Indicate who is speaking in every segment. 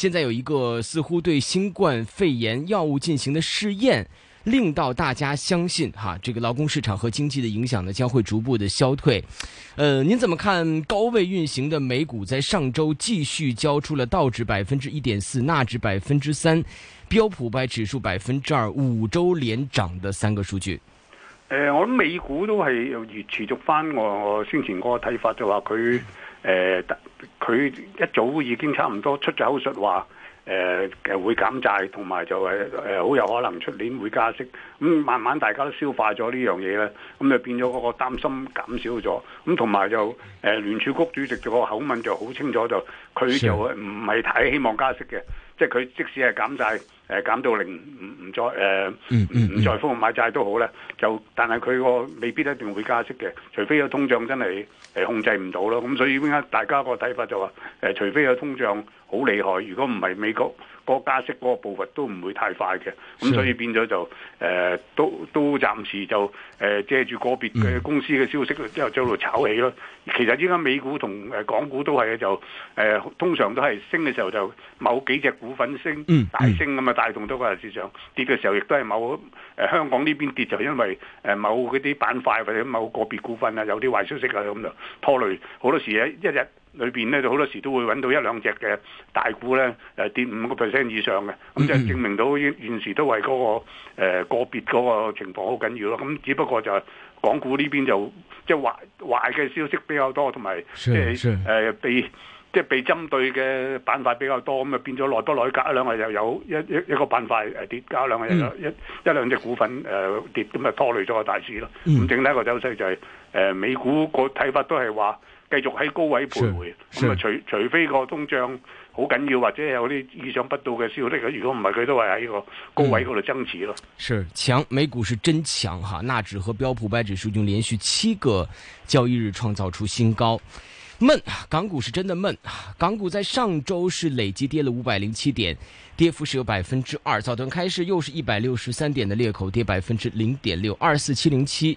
Speaker 1: 現在有一個似乎對新冠肺炎藥物進行的試驗，令到大家相信哈，這個勞工市場和經濟的影響呢將會逐步的消退。呃，您怎麼看高位運行的美股在上周繼續交出了道指百分之一點四、納指百分之三、標普百指數百分之二五周連漲的三個數據？
Speaker 2: 呃，我諗美股都係又持續翻我我先前嗰個睇法，就話、是、佢。誒、呃，佢一早已經差唔多出咗口術話，誒、呃，會減債，同埋就誒、係，好、呃、有可能出年會加息。咁慢慢大家都消化咗呢樣嘢咧，咁就變咗嗰個擔心減少咗。咁同埋就誒、呃，聯儲局主席個口吻就好清楚就。佢就唔係太希望加息嘅，即係佢即使係減債，誒、呃、減到零，唔唔再誒唔唔再封買債都好啦。就但係佢個未必一定會加息嘅，除非個通脹真係、呃、控制唔到咯。咁所以依家大家個睇法就話誒、呃，除非個通脹好厲害，如果唔係美國，嗰個加息嗰個部分都唔會太快嘅，咁所以變咗就誒、呃、都都暫時就誒借住個別嘅公司嘅消息之後將佢炒起咯。其實依家美股同誒港股都係就誒、呃、通常都係升嘅時候就某幾隻股份升大升咁啊，帶動多個市場，跌嘅時候亦都係某誒、呃、香港呢邊跌，就因為誒某嗰啲板塊或者某個別股份啊有啲壞消息啊，咁就拖累好多時一日。裏邊咧就好多時都會揾到一兩隻嘅大股咧，誒、呃、跌五個 percent 以上嘅，咁就證明到現時都係嗰、那個誒、呃、個別嗰個情況好緊要咯。咁只不過就係港股呢邊就即係壞壞嘅消息比較多，同埋、呃呃、即係誒被即係被針對嘅板塊比較多，咁啊變咗內多內隔一兩日又有一一一個板塊誒跌加兩日又一、嗯、一,一兩隻股份誒、呃、跌，咁啊拖累咗個大市咯。咁整體個走勢就係、是、誒、呃、美股個睇法都係話，繼續喺高位徘徊，咁啊除除非個通脹好緊要，或者有啲意想不到嘅消息，如果唔係佢都係喺個高位嗰度爭持咯。
Speaker 1: 是強，美股是真強哈，納指和標普百指數已經連續七個交易日創造出新高。悶，港股是真的悶，港股在上周是累積跌了五百零七點，跌幅是有百分之二，早段開市又是一百六十三點的裂口，跌百分之零點六，二四七零七。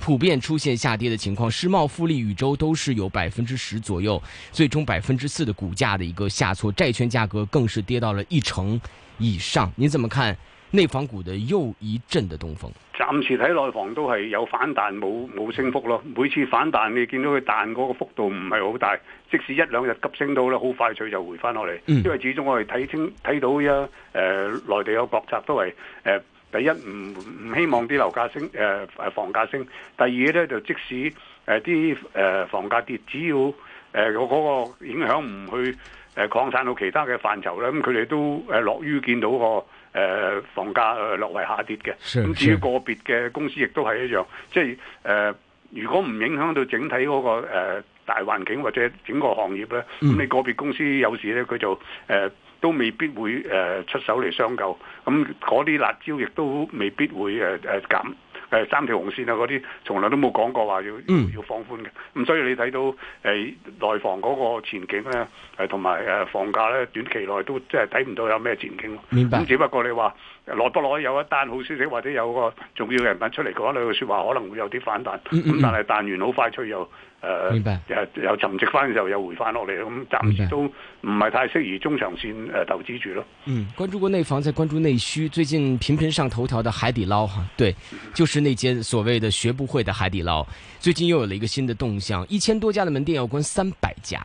Speaker 1: 普遍出現下跌的情況，世茂、富力、禹洲都是有百分之十左右，最終百分之四的股價的一個下挫，債券價格更是跌到了一成以上。你怎麼看內房股的又一陣的東風？
Speaker 2: 暫時睇內房都係有反彈，冇冇升幅咯。每次反彈你見到佢彈嗰個幅度唔係好大，即使一兩日急升到咧，好快脆就回翻落嚟。因為始終我哋睇清睇到啊，誒、呃、內地有國策都係誒。呃第一唔唔希望啲樓價升，誒、呃、誒房價升。第二咧就即使誒啲誒房價跌，只要誒嗰、呃、個影響唔去誒、呃、擴散到其他嘅範疇咧，咁佢哋都誒、呃、樂於見到、嗰個誒、呃、房價、呃、落為下跌嘅。咁至於個別嘅公司亦都係一樣，即係誒、呃、如果唔影響到整體嗰、嗰個、呃、大環境或者整個行業咧，咁、嗯、你個別公司有時咧佢就誒。呃都未必會誒、呃、出手嚟相救，咁嗰啲辣招亦都未必會誒誒、啊啊、減誒、啊、三條紅線啊嗰啲，從來都冇講過話要要，要放寬嘅，咁所以你睇到誒、呃、內房嗰個前景咧，誒同埋誒房價咧，短期內都即係睇唔到有咩前景，咁只不過你話。攞不攞有一單好消息或者有個重要的人品出嚟嘅話，你嘅説話可能會有啲反彈。咁、嗯嗯嗯、但係彈完好快出去又誒、呃、又又沉積翻嘅時候又回翻落嚟，咁暫時都唔係太適宜中長線誒投資住咯。嗯，
Speaker 1: 關注過內房，再關注內需。最近頻頻上頭條的海底撈，哈，對，就是那間所謂的學不會的海底撈。最近又有了一個新的動向，一千多家的門店要關三百家。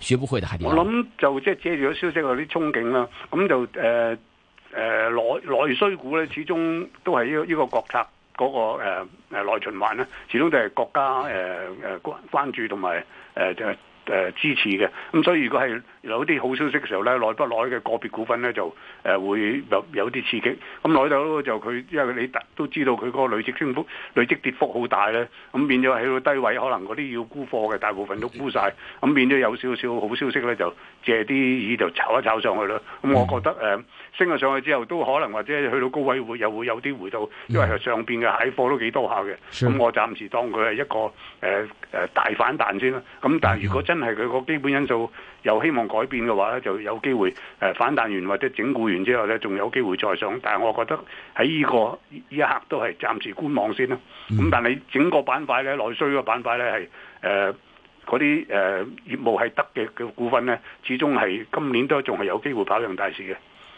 Speaker 1: 學不會的，我諗
Speaker 2: 就即係借住咗消息嗰啲憧憬啦。咁就誒誒內內需股咧，始終都係呢個呢個國策嗰個誒誒內循環咧，始終都係國家誒誒關關注同埋誒就係。誒、呃、支持嘅。咁、嗯、所以如果係有啲好消息嘅時候咧，耐不耐嘅個別股份咧就誒、呃、會有有啲刺激，咁耐到就佢因為你都知道佢個累積升幅累積跌幅好大咧，咁、嗯、變咗喺個低位，可能嗰啲要沽貨嘅大部分都沽晒。咁、嗯、變咗有少少好消息咧就借啲意就炒一炒上去咯，咁、嗯、我覺得、呃升咗上去之後，都可能或者去到高位會，又會有啲回到，因為上邊嘅蟹貨都幾多下嘅。咁我暫時當佢係一個誒誒、呃、大反彈先啦。咁但係如果真係佢個基本因素又希望改變嘅話咧，就有機會誒、呃、反彈完或者整固完之後咧，仲有機會再上。但係我覺得喺呢、呢個、嗯、呢一刻都係暫時觀望先啦。咁、嗯、但係整個板塊咧內需嘅板塊咧，係誒嗰啲誒業務係得嘅嘅股份咧，始終係今年都仲係有機會跑贏大市嘅。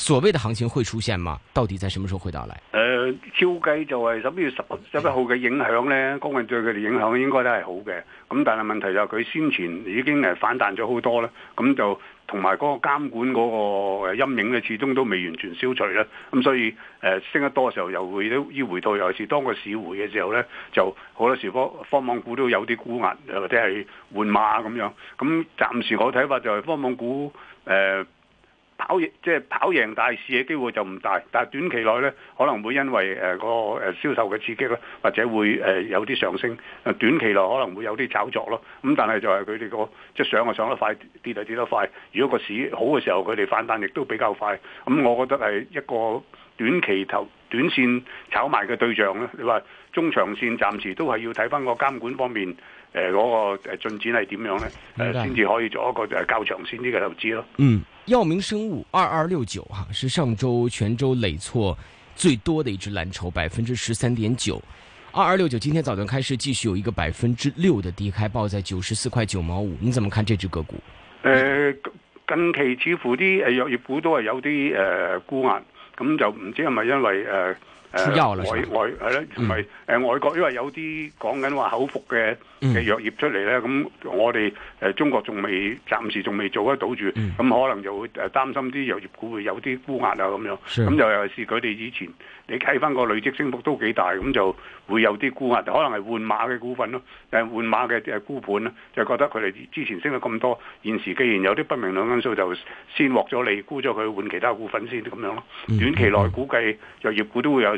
Speaker 1: 所謂的行情會出現嗎？到底在什麼時候會到來？
Speaker 2: 誒、呃，估計就係十一月十一號嘅影響咧，港股對佢哋影響應該都係好嘅。咁但係問題就係佢先前已經誒反彈咗好多啦，咁就同埋嗰個監管嗰個陰影咧，始終都未完全消除啦。咁所以誒、呃、升得多嘅時候，又會都要回吐，尤其是當個市回嘅時候咧，就好多時候科科網股都有啲沽壓，或者係換馬咁樣。咁暫時我睇法就係科網股誒。呃跑即係，就是，跑贏大市嘅機會就唔大，但係短期內咧可能會因為誒個誒銷售嘅刺激咧，或者會誒有啲上升，短期內可能會有啲炒作咯。咁但係就係佢哋個即係上啊，上得快，跌就跌得快。如果個市好嘅時候，佢哋反彈亦都比較快。咁我覺得係一個短期投短線炒賣嘅對象咧，你話中長線暫時都係要睇翻個監管方面，誒嗰個誒進展係點樣呢？誒先至可以做一個誒較長線啲嘅投資咯。嗯，
Speaker 1: 藥明生物二二六九哈，2269，是上周全週累挫最多嘅一支藍籌，百分之十三點九。二二六九今天早段開市繼續有一個百分之六嘅低開，報在九十四塊九毛五。你怎麼看這隻個股？
Speaker 2: 誒、嗯，近期似乎啲誒藥業股都係有啲誒、呃、沽壓。咁、嗯、就唔知係咪因為誒，Uh 呃呃、外外係咯，同埋誒外國，因為有啲講緊話口服嘅嘅藥業出嚟咧，咁我哋誒、呃、中國仲未暫時仲未做得到住，咁、嗯、可能就會誒擔心啲藥業股會有啲沽壓啊咁樣，咁尤其是佢哋以前你睇翻個累積升幅都幾大，咁就會有啲沽壓，可能係換馬嘅股份咯，誒換馬嘅誒沽盤啦，就覺得佢哋之前升咗咁多，現時既然有啲不明朗因素，就先獲利沽咗佢，換其他股份先咁樣咯。
Speaker 1: 短期內
Speaker 2: 估計藥業股都會有。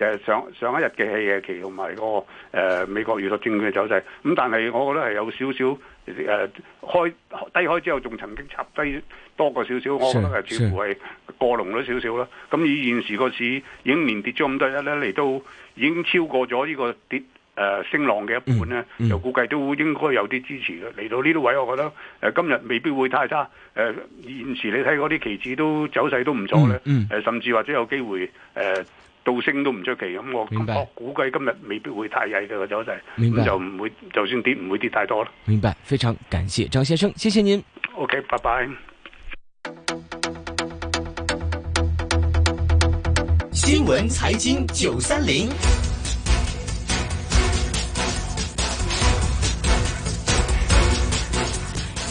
Speaker 2: 就上上一日嘅期嘅期同埋個誒、呃、美國預託證券嘅走勢，咁但係我覺得係有少少誒開低開之後，仲曾經插低多過少少，我覺得係似乎係過龍咗少少啦。咁以現時個市已經連跌咗咁多日咧，嚟到已經超過咗呢個跌誒、呃、升浪嘅一半咧、嗯嗯，就估計都應該有啲支持嘅。嚟到呢啲位，我覺得誒、呃、今日未必會太差。誒、呃、現時你睇嗰啲期指都走勢都唔錯咧，誒、嗯嗯、甚至或者有機會誒。呃上升都唔出奇咁、嗯，我我估計今日未必會太曳嘅、就是，就係就唔會就算跌唔會跌太多咯。
Speaker 1: 明白，非常感謝張先生，謝謝您。
Speaker 2: OK，拜拜。新聞財經九三
Speaker 3: 零，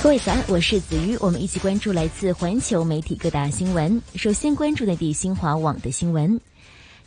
Speaker 3: 各位早晨，我是梓瑜，我們一起關注來自環球媒體各大新聞。首先關注內地新華網的新聞。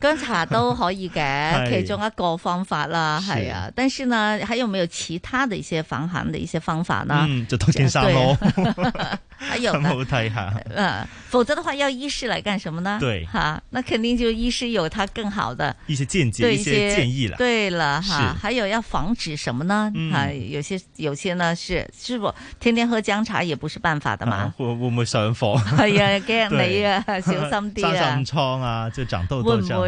Speaker 4: 薑茶都可以嘅， 其中一個方法啦，係啊。但是呢，還有沒有其他的一些防寒的一些方法呢？嗯，
Speaker 5: 就冬上咯還有睇下。嗯、啊，
Speaker 4: 否則的話，要醫師來幹什麼呢？對，哈、啊，那肯定就醫師有他更好的對
Speaker 5: 一些見解、一些建議啦。對了哈、啊，還
Speaker 4: 有要防止什麼呢？哈、嗯啊，有些有些呢，是，師傅天天喝薑茶也不是辦法的嘛。
Speaker 5: 會會唔會上火？係 啊、哎，驚你啊，小心啲啊。生凍瘡啊，就長痘痘。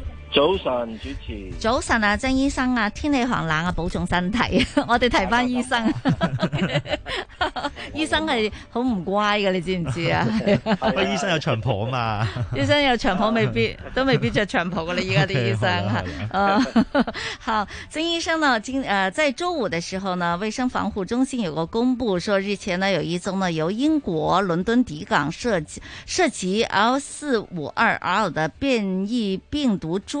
Speaker 6: 早晨，主
Speaker 4: 持。早晨啊，曾醫生啊，天氣寒冷啊，保重身體。 我哋提翻醫生， 醫生係好唔乖嘅，你知唔知啊？ 醫
Speaker 5: 生有長袍啊嘛， 醫生
Speaker 4: 有長袍未必 都未必着長袍嘅啦。而家啲醫生啊， 好，曾醫生呢？今誒，在周五嘅時候呢，衛生防護中心有個公布，說日前呢有一宗呢由英國倫敦抵港涉涉及 L 四五二 R 的變異病毒株。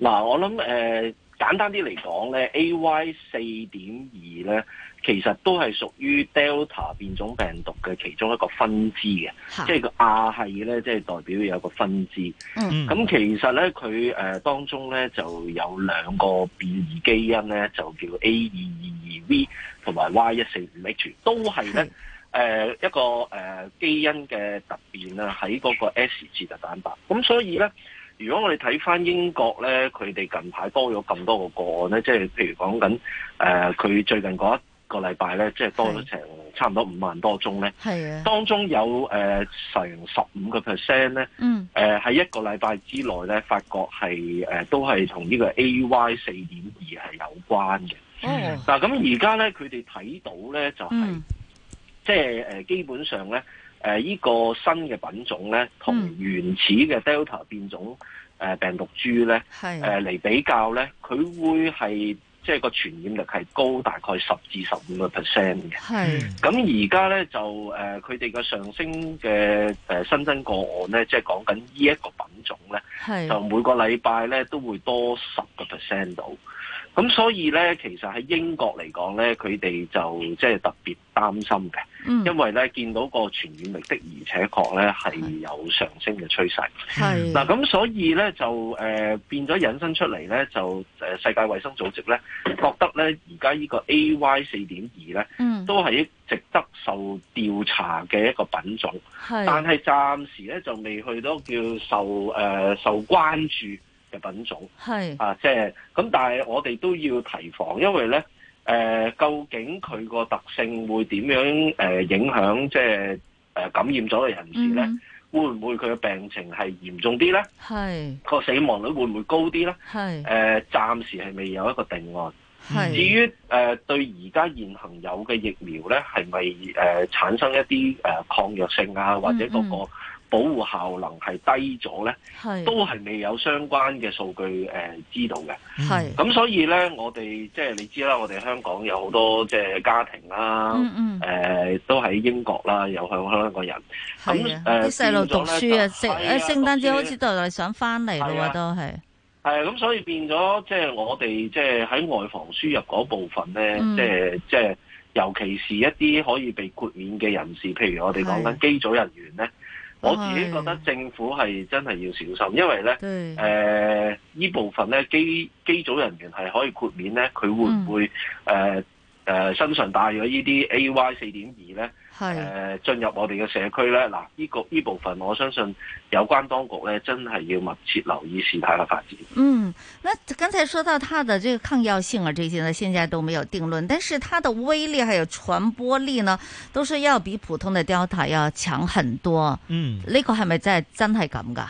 Speaker 6: 嗱、啊，我諗誒、呃，簡單啲嚟講咧，A.Y. 四點二咧，其實都係屬於 Delta 變種病毒嘅其中一個分支嘅、啊，即係個亞系咧，即係代表有一個分支。嗯，咁其實咧，佢誒、呃、當中咧就有兩個變異基因咧，就叫 A. 二二二 V 同埋 Y. 一四五 H，都係咧誒一個誒、呃、基因嘅突變啦，喺嗰個 S 刺突蛋白。咁所以咧。如果我哋睇翻英國咧，佢哋近排多咗咁多個個案咧，即係譬如講緊誒，佢、呃、最近嗰一個禮拜咧，即係多咗成差唔多五萬多宗咧。係啊，當中有誒成十五個 percent 咧，嗯，喺、呃、一個禮拜之內咧，發覺係誒都係同呢個 A Y 四點二係有關嘅。嗯，
Speaker 7: 嗱咁而家
Speaker 6: 咧，佢哋睇到咧就係、是，即、嗯、係、就是呃、基本上咧。誒、呃、依、這個新嘅品種咧，同原始嘅 Delta 變種誒、呃、病毒株咧，誒嚟、呃、比較咧，佢會係即係個傳染率係高大概十至十五個 percent 嘅。係咁而家咧就誒佢哋嘅上升嘅誒、呃、新增個案咧，即係講緊呢一個品種咧，就每個禮拜咧都會多十個 percent 度。咁所以咧，其實喺英國嚟講咧，佢哋就即係特別擔心嘅、嗯，因為咧見到個傳染力的而且確咧係有上升嘅趨勢。係嗱，咁所以咧就誒、呃、變咗引申出嚟咧，就、呃、世界衛生組織咧覺得咧而家呢個 A Y 四點二咧，都係值得受調查嘅一個品種。
Speaker 7: 係，但
Speaker 6: 係暫時咧就未去到叫受誒、呃、受關注。嘅品種，係啊，即係咁，但係我哋都要提防，因為咧誒、呃、究竟佢個特性會點樣誒、呃、影響，即係誒感染咗嘅人士咧？Mm -hmm. 會唔會佢嘅病情係嚴重啲咧？係個死亡率會唔會高啲咧？係誒暫時係未有一個定案。係至於誒、呃、對而家現行有嘅疫苗咧，係咪誒產生一啲誒、呃、抗藥性啊，或者嗰、嗰個？Mm -hmm. 保護效能係低咗咧，都係未有相關嘅數據誒、呃、知道嘅。係咁，所以咧，我哋即係你知啦，我哋香港有好多即係家庭啦、啊，誒、嗯嗯呃、都喺英國啦，有響香港人。咁啊，啲細路讀書啊，即係、啊、聖誕節好
Speaker 4: 似就係想翻嚟咯喎，都係。
Speaker 6: 係啊，咁所以變咗，即係我哋即係喺外防輸入嗰部分咧、嗯，即係即係，尤其是一啲可以被豁免嘅人士，譬如我哋講緊機組人員咧。我自己覺得政府係真係要小心，因為咧，誒、呃，呢部分咧，機機組人員係可以豁免咧，佢會唔會誒誒、嗯呃呃、身上帶咗呢啲 AY 四點二咧？
Speaker 7: 係
Speaker 6: 誒，進、呃、入我哋嘅社區咧，嗱，呢、這個呢、這個、部分，我相信有關當局咧，真係要密切留意事態嘅發展。嗯，
Speaker 4: 那剛才說到它的這個抗藥性啊，這些呢，現在都沒有定論，但是它的威力還有傳播力呢，都是要比普通的 Delta 要強很多。嗯，呢、這個係咪真係真係咁噶？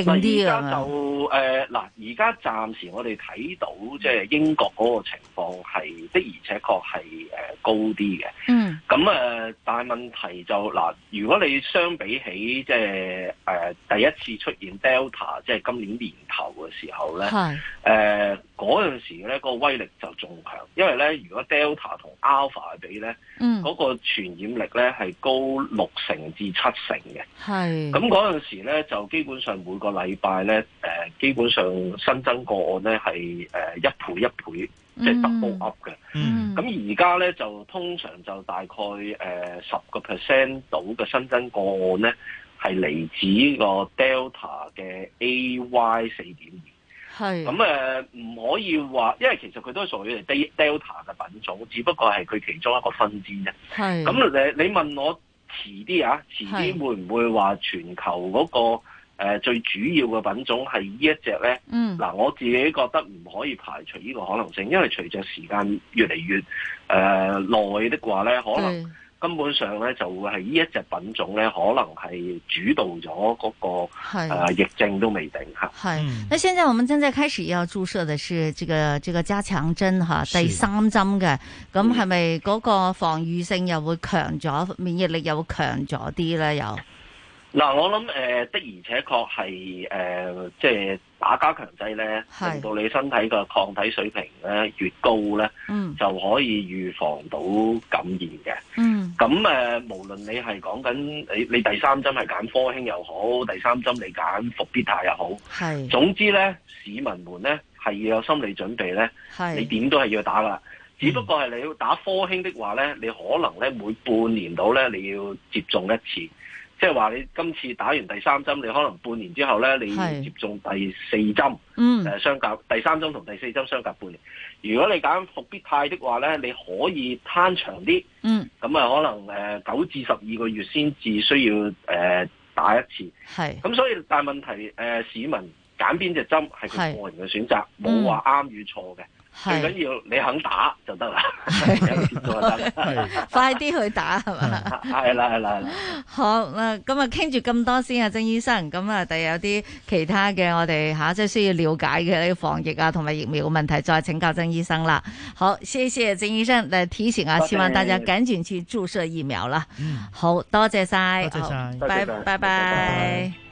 Speaker 4: 嗱，依家
Speaker 6: 就誒嗱，而、呃、家暫時我哋睇到即係、就是、英國嗰個情況係的，而且確係誒、呃、高啲嘅。嗯，咁誒、呃，但係問題就嗱、呃，如果你相比起即係誒第一次出現 Delta 即係今年年頭嘅時候咧，係誒。呃嗰陣時咧，個威力就仲強，因為咧，如果 Delta 同 Alpha 比咧，嗰、嗯個傳染力咧係高六成至七成嘅。
Speaker 8: 係咁陣
Speaker 6: 時咧，就基本上每個禮拜咧，誒、呃、基本上新增個案咧係誒一倍一倍，
Speaker 7: 即係 double up 嘅。嗯。咁
Speaker 6: 而家咧就通常就大概誒十個 percent 到嘅新增個案咧，係嚟自個 Delta 嘅 AY 四點二。係咁誒，唔可以話，因為其實佢都係屬於 Delta 嘅品種，只不過係佢其中一個分支啫。係咁，你你問我遲啲啊，遲啲會唔會話全球嗰、那個誒、呃、最主要嘅品種係呢一隻咧？嗯，嗱，我自己覺得唔可以排除呢個可能性，因為隨着時間越嚟越誒耐、呃、的話咧，可能。根本上咧，就係呢一隻品種咧，可能係主導咗嗰個誒、啊、疫症都未定嚇。係。
Speaker 4: 那現在我們正在開始要注射的是這個這個加強針嚇，第三針嘅，咁係咪嗰個防禦性又會強咗、嗯，免疫力又會強咗啲咧？又？
Speaker 6: 嗱，我諗誒，的而且確係誒，即係打加強劑咧，令到你身體個抗體水平咧越高咧，嗯，就可以預防到感染嘅。嗯，咁誒，無論你係講緊你你第三針係揀科興又好，第三針你揀復必泰又好，
Speaker 7: 係，總
Speaker 6: 之咧，市民們咧係要有心理準備咧，係，你點都係要打㗎啦。嗯，只不過係你要打科興的話咧，你可能咧每半年到咧你要接種一次。即係話你今次打完第三針，你可能半年之後咧，你接種第四針，誒、嗯、相隔第三針同第四針相隔半年。如果你揀復必泰的話咧，你可以攤長啲，咁、嗯、啊可能九至十二個月先至需要誒打一次。咁所以但係問題市民。揀邊隻針係佢個人嘅選擇，冇話啱與錯
Speaker 4: 嘅，最緊要你肯打就得啦。 快啲去
Speaker 6: 打係嘛？係啦係啦係啦。
Speaker 4: 好啦，咁啊傾住咁多先啊，曾醫生。咁啊，第日有啲其他嘅，我哋吓即係需要了解嘅防疫啊，同埋疫苗嘅問題，再請教曾醫生啦。好，謝謝曾醫生嘅提醒啊，希望大家趕緊去注射疫苗啦。好多謝晒，多謝晒，拜拜拜，拜。拜拜。